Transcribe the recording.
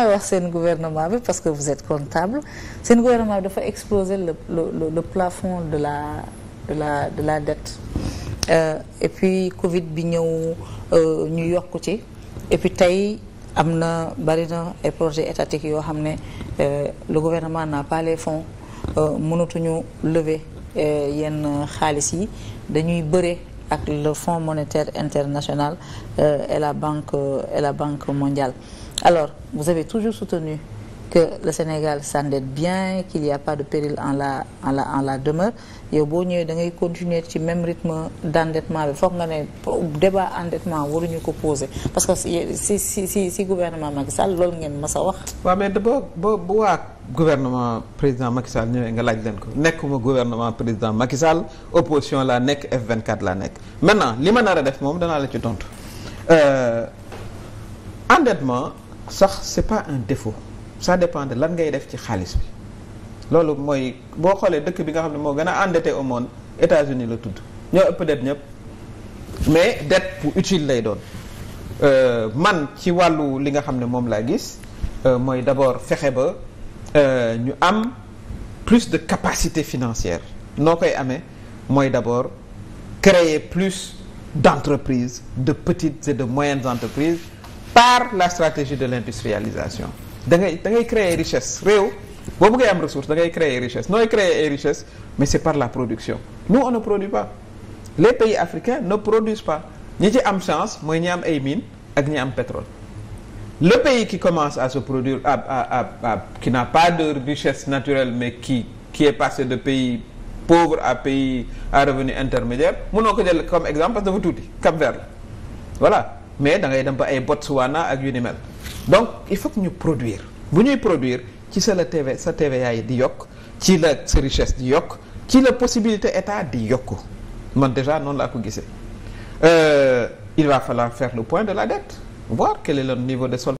may wax seen gouvernement bi parce que vous êtes comptable seen gouvernement bi dafa exploser le le le plafond de la la de la dette euh, et Covid bi ñëw euh, ñu yokk ci et puis tey am na bari na projet projets étatiques yoo xam ne euh, le gouvernement n'a pas les fonds euh, mënatuñu lever yenn xaalis yi dañuy bëre ak le Fonds monétaire international et la banque et la banque mondiale. Alors, vous avez toujours soutenu que le Sénégal s'endette bien, qu'il n'y a pas de péril en la en la en la demeure yow boo ñëwee da ngay continuer ci même rythme d'endettement bi foog nga ne débat endettement waruñu ko poser parce que si si si si gouvernement Macky Sall loolu ngeen ma sa wax. waaw mais boo boo bu waa gouvernement président Macky Sall ñëwee nga laaj leen ko nekkuma gouvernement président Macky Sall opposition laa nekk F24 laa nekk maintenant li ma nar a def moom danaa la ci tontu euh, sax c'est pas un défaut ça dépend de lan ngay def ci xaalis bi loolu mooy boo xoolee dëkk bi nga xam ne moo gën a endetté au monde États-Unis la tudd ñoo ëpp dette ñëpp mais dette bu utile lay doon euh, man ci wàllu li nga xam ne moom laa gis euh, mooy d'abord fexe ba euh, ñu am plus de capacité financière noo koy amee mooy d'abord créer plus d'entreprises de petites et de moyennes entreprises par la stratégie de l'industrialisation da ngay da ngay créer richesse réew boo bëggee am ressource da ngay créer richesse nooy créer ay richesse mais c'est par la production nous on ne produit pas les pays africains ne produisent pas ñi ci am chance mooy ñi am ay mines ak ñi am pétrole le pays qui commence à se produire à à à qui n'a pas de richesse naturelle mais qui qui est passé de pays pauvre à pays à revenu intermédiaire mënoo ko jël comme exemple parce que dafa tuuti cap mais da ngay dem ba ay Botswana ak yu ni mel donc il faut ñu produire bu ñuy produire ci sa la TV sa TVA yi di yokk ci la sa richesse di yokk ci la possibilité état di yokk man déjà noonu laa ko gisee euh, il va falloir faire le point de la dette voir quel est niveau de solde